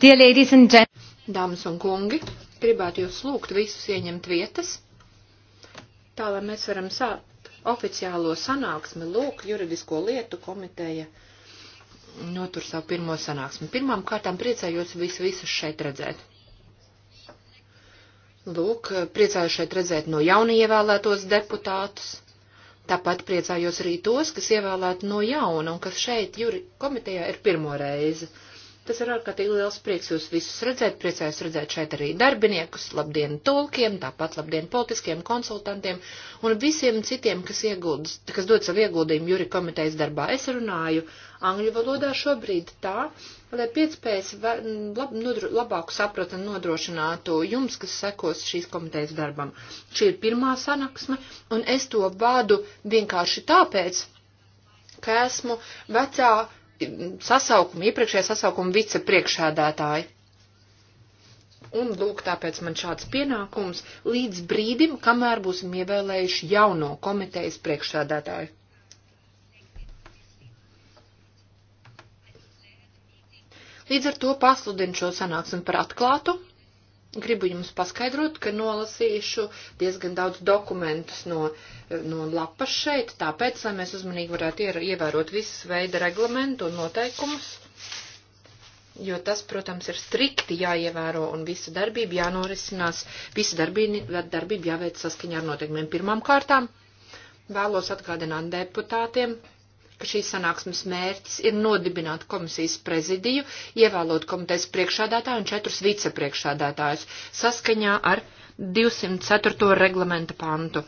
Dear ladies and gentlemen, dāmas un kungi, gribētu jūs lūgt visus ieņemt vietas, tā lai mēs varam sākt oficiālo sanāksmi lūk juridisko lietu komiteja notur savu pirmo sanāksmi. Pirmām kārtām priecājos visu visus šeit redzēt. Lūk, priecājos šeit redzēt no jaunievēlētos deputātus. Tāpat priecājos arī tos, kas ievēlēti no jauna un kas šeit juri komitejā ir pirmo reizi. Uh, Tas ir ārkārtīgi liels prieks jūs visus redzēt, priecājos redzēt šeit arī darbiniekus, labdien tulkiem, tāpat labdien politiskiem konsultantiem un visiem citiem, kas, ieguldas, kas dod savu ieguldījumu jūri komitejas darbā. Es runāju angļu valodā šobrīd tā, lai piecpējas lab, nodru, labāku sapratu nodrošinātu jums, kas sekos šīs komitejas darbam. Šī ir pirmā sanaksme un es to vādu vienkārši tāpēc, ka esmu vecā sasaukuma, iepriekšējā sasaukuma vicepriekšēdētāji. Un lūk, tāpēc man šāds pienākums līdz brīdim, kamēr būsim ievēlējuši jauno komitejas priekšsēdētāju. Līdz ar to pasludinu šo sanāksmi par atklātu gribu jums paskaidrot, ka nolasīšu diezgan daudz dokumentus no, no lapas šeit, tāpēc, lai mēs uzmanīgi varētu ievērot visas veida reglamentu un noteikumus, jo tas, protams, ir strikti jāievēro un visa darbība jānorisinās, visa darbība, darbība jāveic saskaņā ar noteikumiem. Pirmām kārtām vēlos atgādināt deputātiem, ka šīs sanāksmes mērķis ir nodibināt komisijas prezidiju, ievēlot komitejas priekšādātāju un četrus vicepriekšādātājus saskaņā ar 204. reglamenta pantu.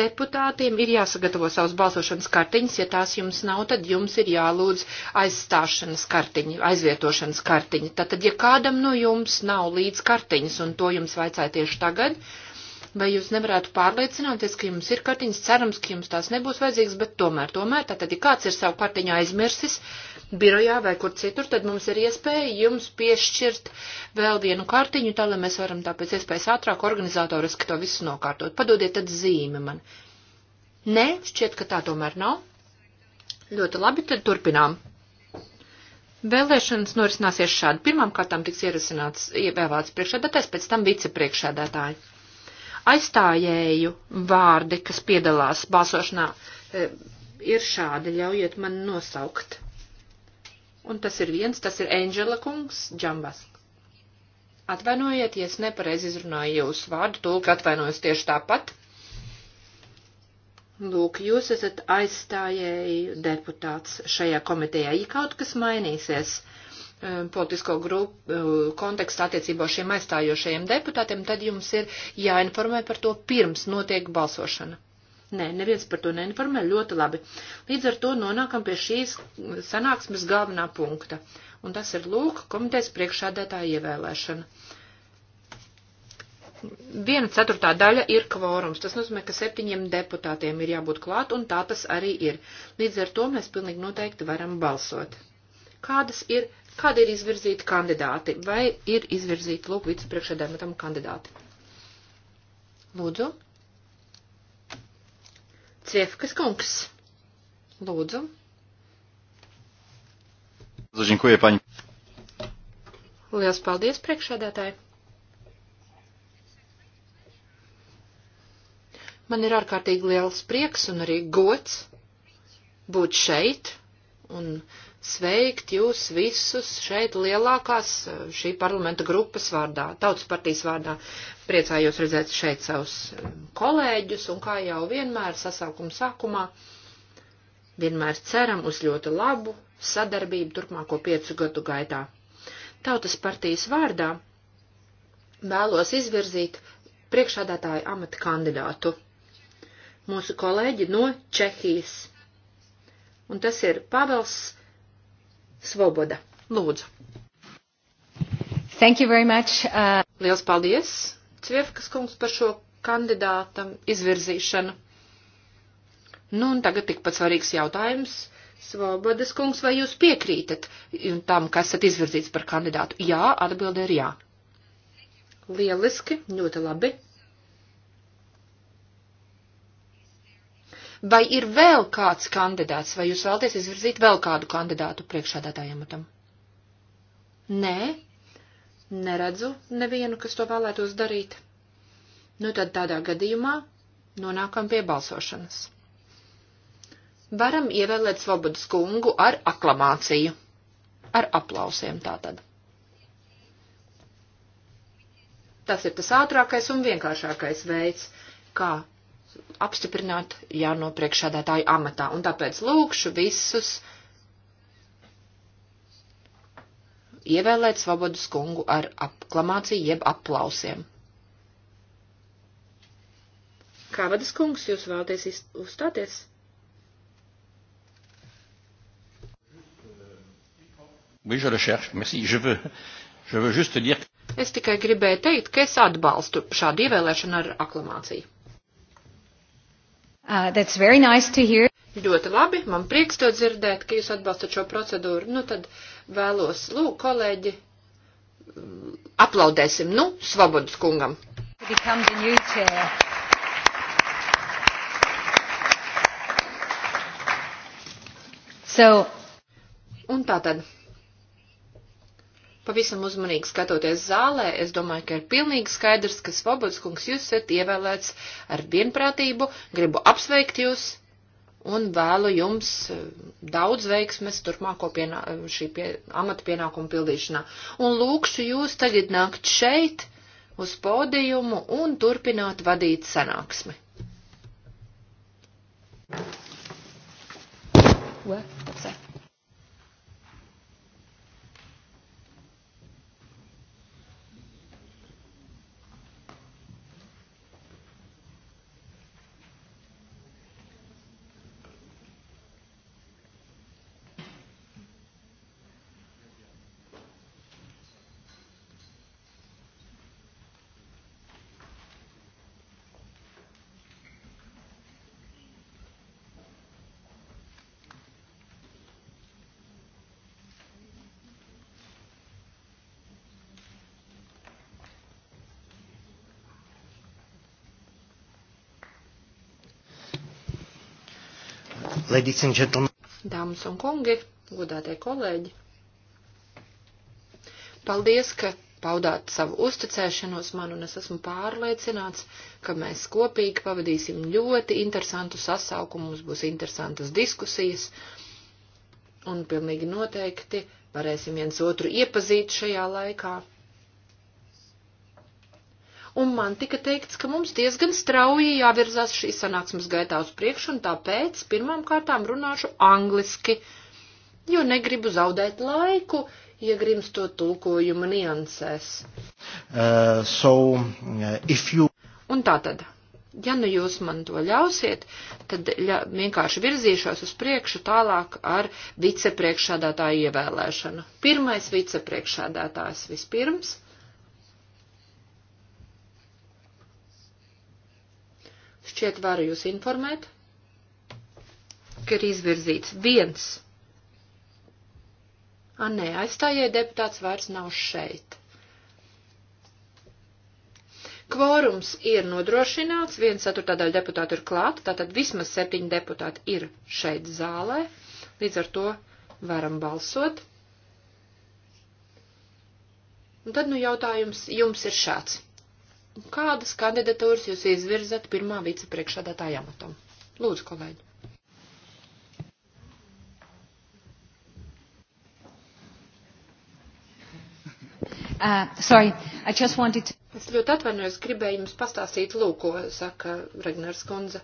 Deputātiem ir jāsagatavo savas balsošanas kartiņas, ja tās jums nav, tad jums ir jālūdz aizstāšanas kartiņa, aizvietošanas kartiņa. Tātad, ja kādam no jums nav līdz kartiņas, un to jums vajadzēja tieši tagad, uh, vai jūs nevarētu pārliecināties, ka jums ir kartiņas, cerams, ka jums tās nebūs vajadzīgas, bet tomēr, tomēr, tātad, ja kāds ir savu kartiņu aizmirsis birojā vai kur citur, tad mums ir iespēja jums piešķirt vēl vienu kartiņu, tā lai mēs varam tāpēc iespējas ātrāk organizatoriski to visu nokārtot. Padodiet tad zīmi man. Nē, šķiet, ka tā tomēr nav. Ļoti labi, tad turpinām. Vēlēšanas norisināsies šādi. Pirmām kārtām tiks ierasināts ievēlēts priekšēdētājs, pēc tam vicepriekšēdētāji aizstājēju vārdi, kas piedalās balsošanā, e, ir šādi, ļaujiet man nosaukt. Un tas ir viens, tas ir Angela kungs, Džambas. Atvainojiet, ja es nepareiz izrunāju jūsu vārdu, tulka atvainojas tieši tāpat. Lūk, jūs esat aizstājēji deputāts šajā komitejā. Ja kaut kas mainīsies, Um, politisko grupu uh, kontekstā attiecībā šiem aizstājošajiem deputātiem, tad jums ir jāinformē par to pirms notiek balsošana. Nē, neviens par to neinformē, ļoti labi. Līdz ar to nonākam pie šīs sanāksmes galvenā punkta, un tas ir lūk komitejas priekšādētāja ievēlēšana. Viena ceturtā daļa ir kvorums. Tas nozīmē, ka septiņiem deputātiem ir jābūt klāt, un tā tas arī ir. Līdz ar to mēs pilnīgi noteikti varam balsot. Kādas ir Kādi ir izvirzīti kandidāti? Vai ir izvirzīti lūk vicepriekšēdēmatam kandidāti? Lūdzu. Ciefkas kungs. Lūdzu. Dziękuję pani. Lielas paldies priekšādātāji. Man ir ārkārtīgi liels prieks un arī gods būt šeit un sveikt jūs visus šeit lielākās eh, šī parlamenta grupas vārdā, tautas partijas vārdā. Priecājos redzēt šeit savus eh, kolēģus un kā jau vienmēr sasaukuma sākumā, vienmēr ceram uz ļoti labu sadarbību turpmāko piecu gadu gaitā. Tautas partijas vārdā vēlos izvirzīt priekšādātāju amata kandidātu. Mūsu kolēģi no Čehijas. Un tas ir Pavels Svoboda. Lūdzu. Thank you very much. Uh... Liels paldies, Cvievkas kungs, par šo kandidātam izvirzīšanu. Nu, un tagad tikpat svarīgs jautājums. Svobodas kungs, vai jūs piekrītat tam, kas esat izvirzīts par kandidātu? Jā, atbilde ir jā. Lieliski, ļoti labi. Vai ir vēl kāds kandidāts, vai jūs vēlaties izvirzīt vēl kādu kandidātu priekšādātājiem tam? Nē, neredzu nevienu, kas to vēlētos darīt. Nu tad tādā gadījumā nonākam pie balsošanas. Varam ievēlēt Svobodas kungu ar aklamāciju, ar aplausiem tātad. Tas ir tas ātrākais un vienkāršākais veids, kā apstiprināt jauno priekšādātāju amatā. Un tāpēc lūkšu visus ievēlēt Svobodas kungu ar aklamāciju jeb aplausiem. Kāvadas kungs, jūs vēlaties uzstāties? Oui, je le cherche. Merci. Je veux, je veux juste dire. Es tikai gribēju teikt, ka es atbalstu šādu ievēlēšanu ar aklamāciju. Uh, that's very nice to hear. Ļoti labi, man prieks to dzirdēt, ka jūs atbalstat šo procedūru. Nu tad vēlos, lūk, kolēģi, mm, aplaudēsim, nu, Svobodas kungam. So, Un tā tad. Pavisam uzmanīgi skatoties zālē, es domāju, ka ir pilnīgi skaidrs, ka Svobodskungs jūs esat ievēlēts ar vienprātību, gribu apsveikt jūs un vēlu jums eh, daudz veiksmes turpmāko pienā, eh, šī pie, amata pienākumu pildīšanā. Un lūkšu jūs tagad nākt šeit uz podiumu un turpināt vadīt sanāksmi. Where? Ladies and gentlemen. Dāmas un kungi, godātie kolēģi. Paldies, ka paudāt savu uzticēšanos man, un es esmu pārliecināts, ka mēs kopīgi pavadīsim ļoti interesantu sasaukumu, mums būs interesantas diskusijas, un pilnīgi noteikti varēsim viens otru iepazīt šajā laikā un man tika teikts, ka mums diezgan strauji jāvirzās šīs sanāksmes gaitā uz priekšu, un tāpēc pirmām kārtām runāšu angliski, jo negribu zaudēt laiku, iegrimstot tulkojuma niansēs. Uh, so, uh, you... Un tātad, ja nu jūs man to ļausiet, tad ļa, vienkārši virzīšos uz priekšu tālāk ar vicepriekšādātāju ievēlēšanu. Pirmais vicepriekšādātājs vispirms. Šķiet varu jūs informēt, ka ir izvirzīts viens. A, nē, aizstājēja deputāts vairs nav šeit. Kvorums ir nodrošināts, viens ceturtādāļa deputātu ir klāt, tātad vismaz septiņi deputāti ir šeit zālē, līdz ar to varam balsot. Un tad, nu, jautājums jums ir šāds. Kādas kandidatūras jūs izvirzat pirmā vicepriekšādātāja amatam? Lūdzu, kolēģi. Uh, sorry, I just wanted to... Es ļoti atvainojos, gribēju jums pastāstīt lūko, saka Regnars Kunze.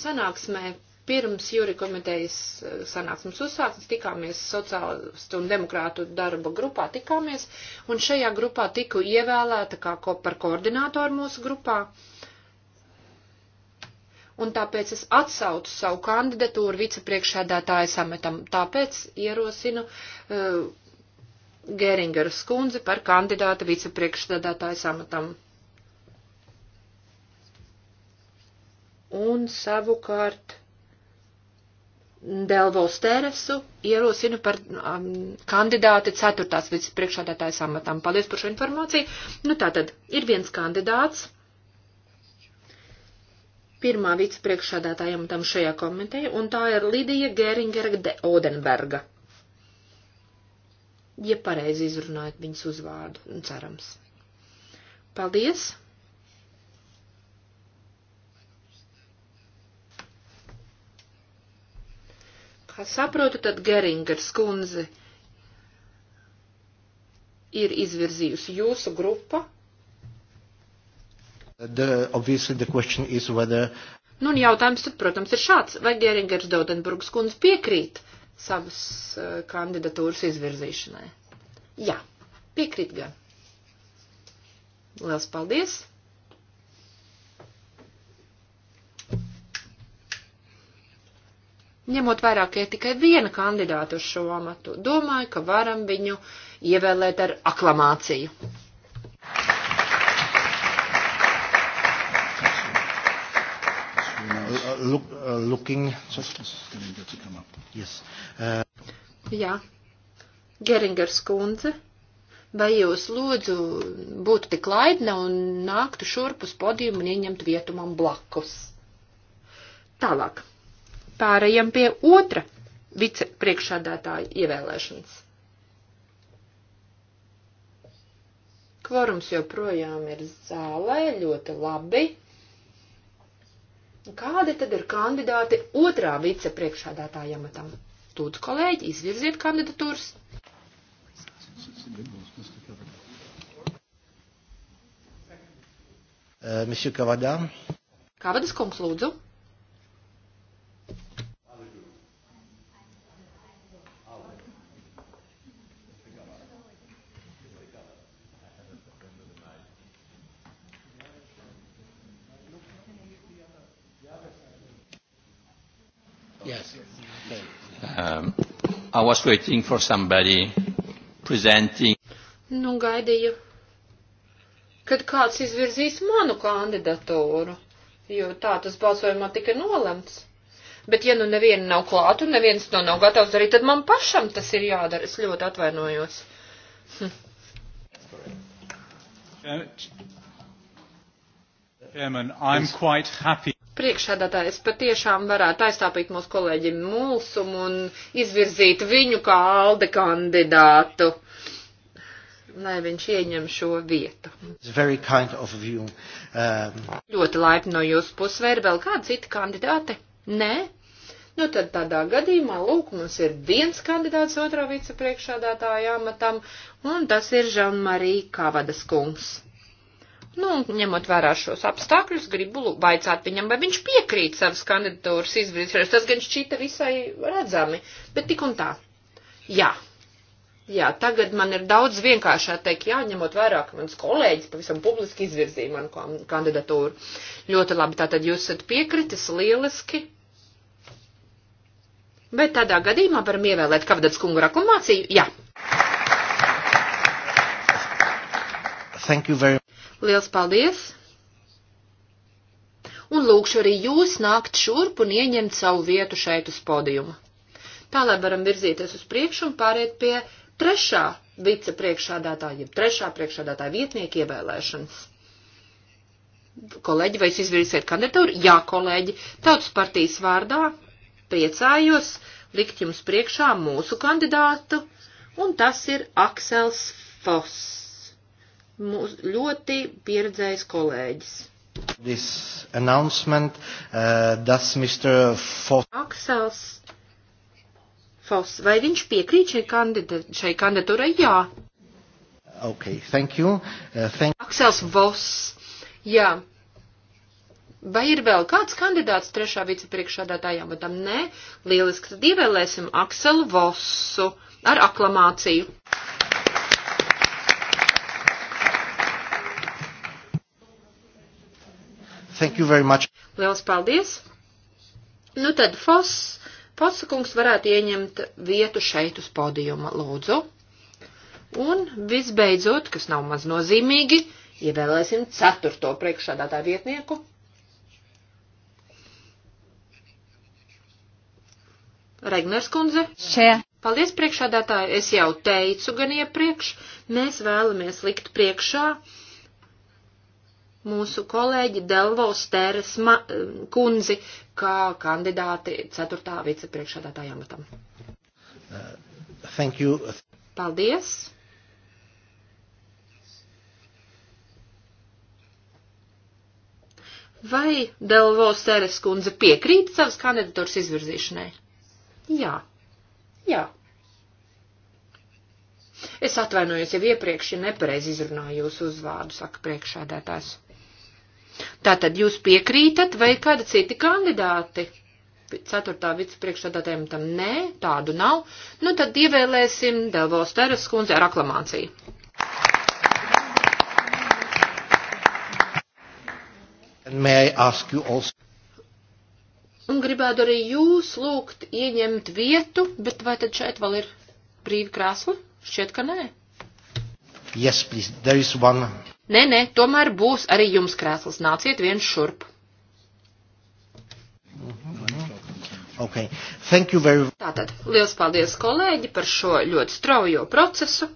Sanāksmē Pirms jūri komitejas eh, sanāksmes uzsācis, tikāmies sociālistu un demokrātu darba grupā, tikāmies, un šajā grupā tiku ievēlēta kā ko par koordinātoru mūsu grupā un tāpēc es atsaucu savu kandidatūru vicepriekšēdētāja sametam. Tāpēc ierosinu uh, Geringeru skundzi par kandidātu vicepriekšēdētāja sametam. Un savukārt Delvos Tēresu ierosinu par um, kandidāti ceturtās vicepriekšādātājas amatam. Paldies par šo informāciju. Nu tātad, ir viens kandidāts pirmā vicepriekšādātāja amatam šajā komiteja, un tā ir Lidija Gēringera de Odenberga. Ja pareizi izrunājat viņas uzvārdu, cerams. Paldies! saprotu, tad Geringers kundze ir izvirzījusi jūsu grupa. The, obviously the question is whether. Nu, un jautājums tad, protams, ir šāds. Vai Geringers Daudenburgas kundze piekrīt savas uh, kandidatūras izvirzīšanai? Jā, piekrīt gan. Liels paldies! ņemot vairāk, ka ir tikai viena kandidāta uz šo amatu, domāju, ka varam viņu ievēlēt ar aklamāciju. Look, uh, looking, just, just yes. uh, Jā, Geringers kundze, vai jūs lūdzu būtu tik laidna un nāktu šurp uz podiumu un ieņemtu vietu man blakus? Tālāk pārējām pie otra vicepriekšādātāja ievēlēšanas. Kvorums joprojām ir zālē, ļoti labi. Kādi tad ir kandidāti otrā vicepriekšādātāja amatam? Lūdzu, kolēģi, izvirziet kandidatūras. Uh, Kavadas kungs, lūdzu. Um, I was waiting for somebody presenting. Nu, gaidīju, kad kāds izvirzīs manu kandidatūru, jo tā tas balsojumā tika nolemts. Bet, ja nu neviena nav klāta un neviens to nav gatavs darīt, tad man pašam tas ir jādara. Es ļoti atvainojos. Hm. Chairman, I'm quite happy priekšādātāji, es patiešām varētu aizstāpīt mūsu kolēģi Mulsumu un izvirzīt viņu kā alde kandidātu, lai viņš ieņem šo vietu. Kind of you, um... Ļoti laipni no jūsu puses. Vai ir vēl kāda cita kandidāte? Nē? Nu, tad tādā gadījumā, lūk, mums ir viens kandidāts otrā vicepriekšādātāja amatam, un tas ir Žanmarī Kavadas kungs. Nu, ņemot vērā šos apstākļus, gribu vaicāt viņam, vai viņš piekrīt savas kandidatūras izvirzīšanas. Tas gan šķita visai redzami, bet tik un tā. Jā. Jā, tagad man ir daudz vienkāršāk teikt, jā, ņemot vērā, ka mans kolēģis pavisam publiski izvirzīja manu kandidatūru. Ļoti labi, tātad jūs esat piekritis, lieliski. Bet tādā gadījumā varam ievēlēt Kavdats kungu raklamāciju, jā. Thank you very much. Liels paldies! Un lūkšu arī jūs nākt šurp un ieņemt savu vietu šeit uz podiuma. Tā lai varam virzīties uz priekšu un pāriet pie trešā vicepriekšādātāja, trešā priekšādātāja vietnieka ievēlēšanas. Kolēģi, vai jūs izvirsiet kandidatūru? Jā, kolēģi, tautas partijas vārdā priecājos likt jums priekšā mūsu kandidātu, un tas ir Aksels Foss mūs, ļoti pieredzējis kolēģis. This announcement, uh, does Mr. Foss. Aksels Foss, vai viņš piekrīt šai, kandida šai kandidatūrai? Jā. Ok, thank you. Uh, thank Aksels Voss, jā. Vai ir vēl kāds kandidāts trešā vicepriekšādātājām? Vadam, nē, lieliski, tad ievēlēsim Akselu Vossu ar aklamāciju. Thank you very much. Liels paldies. Nu tad Foss, Fosakungs varētu ieņemt vietu šeit uz podījuma, lūdzu. Un visbeidzot, kas nav maz nozīmīgi, ievēlēsim ceturto priekšādātāju vietnieku. Regners kundze. Šajā. Paldies priekšādātāju, es jau teicu gan iepriekš, mēs vēlamies likt priekšā uh, mūsu kolēģi Delvo Stēres um, kundzi kā kandidāti 4. vicepriekšādātāja amatam. Uh, thank you. Paldies. Vai Delvo Stēres kundze piekrīt savas kandidatūras izvirzīšanai? Jā. Jā. Es atvainojos jau iepriekš, ja nepareizi izrunāju jūsu uzvārdu, saka priekšādētājs. Tātad jūs piekrītat vai kādi citi kandidāti? Ceturtā vicepriekšsādātājiem tam nē, tādu nav. Nu tad ievēlēsim Delvo Steras kundzi ar aklamāciju. Un gribētu arī jūs lūgt ieņemt vietu, bet vai tad šeit vēl ir brīvi krēsli? Šķiet, ka nē. Yes, please, there is one. Nē, nē, tomēr būs arī jums krēsls. Nāciet viens šurp. Mhm. Okay. Thank you very much. Tātad, liels paldies kolēģi par šo ļoti straujo procesu.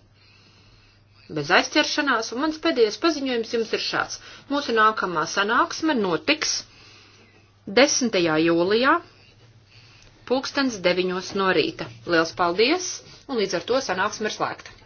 Bez aizķeršanās, un mans pēdējais paziņojums jums ir šāds. Mūsu nākamā sanāksme notiks 10. jūlijā, pulkstens 9. no rīta. Liels paldies, un līdz ar to sanāksme ir slēgta.